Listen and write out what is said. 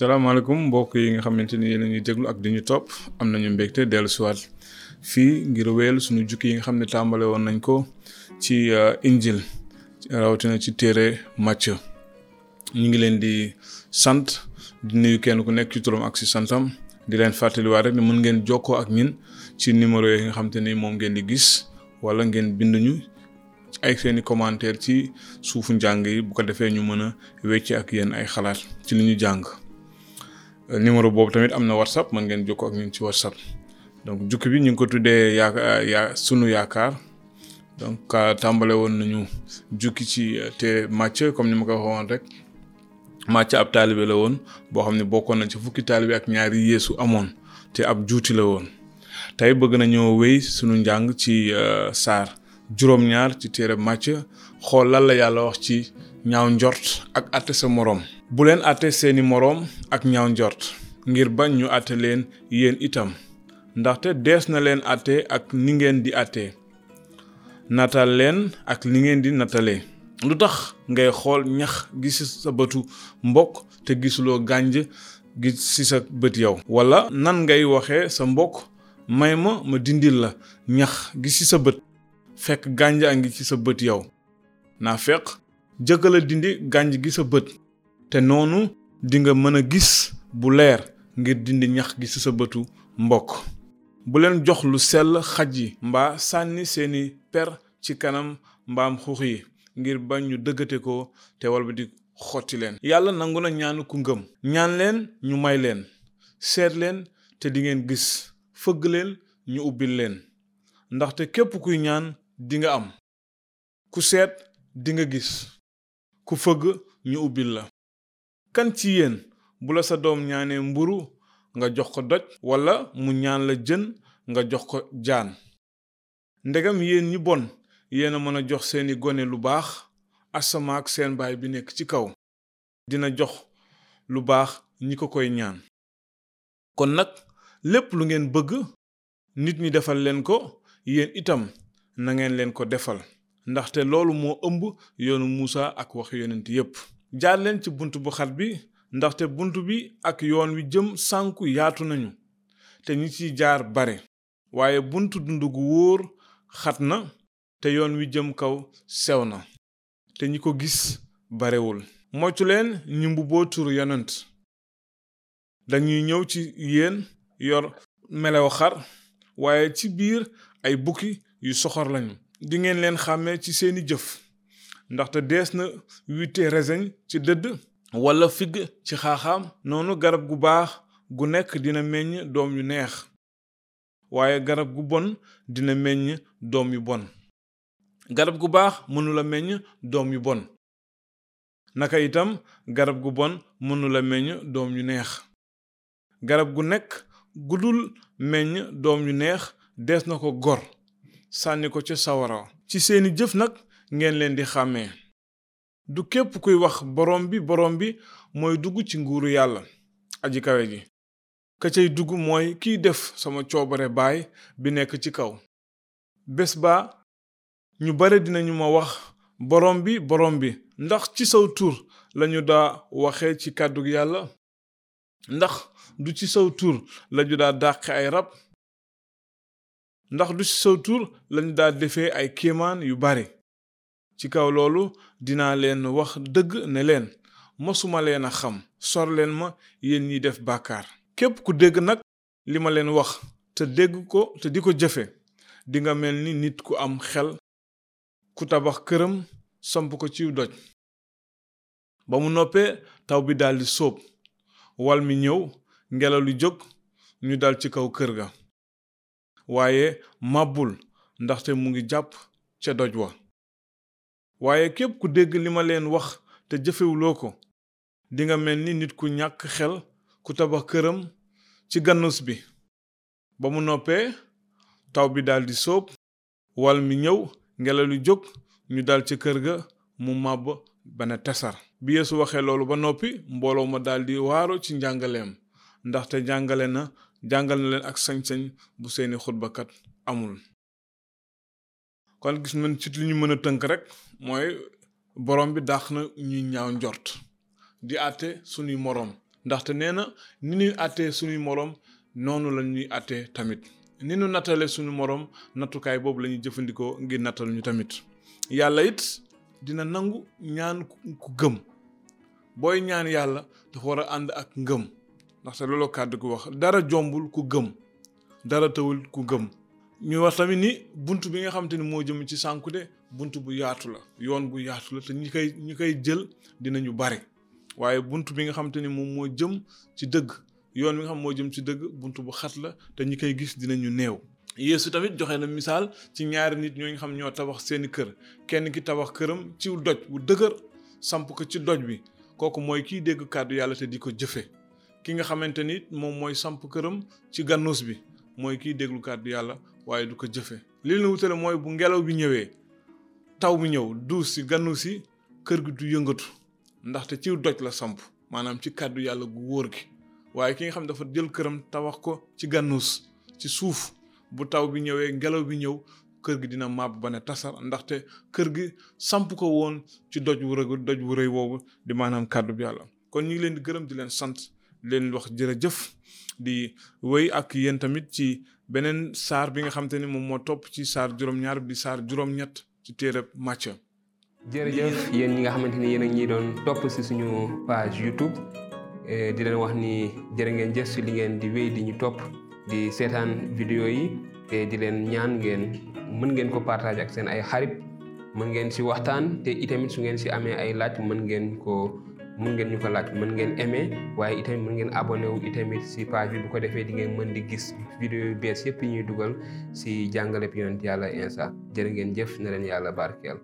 salaamaaleykum mbokk yi nga xamante ni yéen a ñuy déglu ak di ñu topp am nañu mbégte dellu siwaat fii ngir wéyal suñu jukki yi nga xam ne tàmbale woon nañ ko ci uh, injil rawatina ci téere màcc ñu ngi leen di sant di nuyu kenn ku nekk ci turam ak si santam di leen fàttaliwaat rek ne mën ngeen jokkoo ak ñin ci numéro yi nga xamante ni moom ngeen di gis wala ngeen bind ñu ay seeni commentaire ci suufu njàng yi bu ko defee ñu mën a wecc ak yéen ay xalaat ci li ñu jàng numéro boobu tamit am na whatsapp mën ngeen jokkoo ak ñun ci whatsapp donc jukki bi ñu ngi ko tuddee yaa yaa sunu yaakaar donc euh, tàmbale woon nañu jukki ci euh, te Matthieu comme ni ma ko waxoon rek Matthieu ab taalibe la woon boo xam ne bokkoon na ci fukki taalibe ak ñaari yéesu amoon te ab juuti la woon tey bëgg nañoo wéy sunu njàng ci euh, saar juróom-ñaar ci téere Matthieu xool lan la yàlla wax ci ñaaw njort ak àtte sa moroom bu leen àtte seeni moroom ak ñaaw njort ngir bañ ñu àtte leen yéen itam ndaxte dees na leen àtte ak ni ngeen di àtte natal leen ak li ngeen di natale lu tax ngay xool ñax gi ci sa bëtu mbokk te gisuloo gànj gi ci sa bët yow wala nan ngay waxee sa mbokk may ma ma dindil la ñax gi ci sa bët fekk gànj a ngi ci sa bët yow naa feq jëkkala dindi gànj gi sa bët te noonu dinga mën a gis bu leer ngir dindi ñax gi ci sa bëtu mbokk bu leen jox lu sell xaj yi mbaa sànni seeni per ci kanam mbaam xuux yi ngir bañ ñu dëggate ko te wal xotti leen yàlla nangu na ñaanu ku ngëm ñaan leen ñu may leen seet leen te dingeen gis fëgg leen ñu ubbil leen ndaxte képp kuy ñaan dinga am ku seet dinga gis ku fëgg ñu ubbil la kan ci yéen bu la sa doom ñaanee mburu nga jox ko doj walla mu ñaan la jën nga jox ko jaan ndegam yéen ñi bon yéen a mën a jox seeni gone lu baax asamaa ak seen baay bi nekk ci kaw dina jox lu baax ñi ko koy ñaan kon nag lépp lu ngeen bëgg nit ñi defal leen ko yéen itam nangeen leen ko defal ndaxte loolu moo ëmb yoonu Muusa ak wax yonent yépp jaar leen ci bunt bu xat bi ndaxte bunt bi ak yoon wi jëm sànku yaatu nañu te ñi ciy jaar bare waaye buntu dund gu wóor xat na te yoon wi jëm kaw sew na te ñi ko gis barewul moytu leen ñi mbubboo turu yonent dañuy ñëw ci yéen yor melew xar waaye ci biir ay bukki yu soxor lañu dingeen leen xàmmee ci seeni jëf ndaxte dees na witte reseñ ci dëdd wala figg ci xaaxaam noonu garab gu baax gu nekk dina meññ doom yu neex waaye garab gu bon dina meññ doom yu bon garab gu baax mënula meññ doom yu bon naka itam garab bon mënula meññ doom yu neex garab gu nekk gudul meññ doom yu neex dees na ko gor sànni ko ca sawara ci seeni jëf nag ngeen leen di xàmmee du képp kuy wax borom bi borom bi mooy dugg ci nguuru yàlla aji kawe gi ka cay dugg mooy kiy def sama coobare baay bi nekk ci kaw bés ba ñu bare dinañu ma wax borom bi borom bi ndax ci saw tur lañu daa waxee ci kàddu yàlla ndax du ci saw tur lañu daa dàqe ay rab ndax du ci saw tur lañu daa defee ay kéemaan yu bare ci kaw loolu dinaa leen wax dëgg ne leen mosuma leen a xam sorleen ma yéen ñi def baakaar képp ku dégg nag li ma leen wax te dégg ko te di ko jëfe dinga mel ni nit ku am xel ku tabax këram samp ko ci doj ba mu noppee taw bi daldi soob wal mi ñëw ngelaw li jóg ñu dal ci kaw kër ga waaye màbbul ndaxte mu ngi jàpp ca doj wa waaye képp ku dégg li ma leen wax te jëfewuloo ko dinga mel ni nit ku ñàkk xel ku tabax këram ci gannus bi ba mu noppee taw bi daldi soob wal mi ñëw ngelaw lu jóg ñu dal ci kër ga mu màbb ba ne tesar bi Yeesu waxee loolu ba noppi mbooloo ma daldi waaru ci njàngaleem ndaxte jàngale na jàngal na leen ak sañ-sañ bu seeni xutbakat amul kon gis nañ ci lu ñu mën a tënk rek mooy borom bi dàq na ñuy ñaaw njort di àtte suñuy moroom ndaxte nee na ni ñuy àttee suñuy moroom noonu la ñuy àttee tamit ni ñu nattalee suñu moroom nattukaay boobu lañuy jëfandikoo ngir nattal ñu tamit yàlla it dina nangu ñaan ku gëm booy ñaan yàlla dafa war a ànd ak ngëm ndaxte loolu kàddu ku wax dara jombul ku gëm dara tawul ku gëm ñu wax tamit ni bunt bi nga xam te ni moo jëm ci de bunt bu yaatu la yoon bu yaatu la te ñi koy ñi koy jël dinañu bari waaye bunt bi nga xam te ni moom moo jëm ci dëgg yoon bi xam moo jëm ci dëgg bunt bu xat la te koy gis dinañu néew Yeesu tamit joxe na misaal ci ñaari nit ñoo xam ñoo tabax seeni kër kenn ki tabax këram ci doj bu dëgër samp ko ci doj bi kooku mooy kiy dégg kàddu yàlla te di ko jëfe ki nga xamante ni moom mooy samp këram ci gannus bi mooy kiy déglu kàddu yàlla waaye du ko jëfe li leen wutale mooy bu ngelaw bi ñëwee taw bi ñëw duus si gannu si kër gi du yëngatu ndaxte ci doj la samp maanaam ci kàddu yàlla gu wóor gi waaye ki nga xam dafa jël këram wax ko ci gannuus ci suuf bu taw bi ñëwee ngelaw bi ñëw kër gi dina màbb ba ne tasar ndaxte kër gi samp ko woon ci doj wu rëy doj wu rëy woowu di maanaam kàddu bi yàlla kon ñu leen di gërëm di leen sant leen wax jërëjëf di wéy ak yéen tamit ci benen sar bi nga xamanteni mom mo top ci sar juróom-ñaar bi sar juróom ñet ci téereb Màcca jërëjëf yeen ñi nga xamanteni yeen ñi doon top ci suñu page youtube e di leen wax ni jërë ngeen jëf si li ngeen di wéy di ñu top di sétane vidéo yi te di leen ñaan ngeen mën ngeen ko partager ak seen ay xarit mën ngeen ci waxtaan te itamit su ngeen ci amee ay laaj mën ngeen ko mën ngeen ñu ko laaj mën ngeen aimé waaye itamit mën ngeen abonné wu itamit si page bi bu ko defee di ngeen mën di gis vidéo bees yëpp yi ñuy dugal si jàngaleb yonent yàlla insa jërë ngeen jëf na leen yàlla barkeel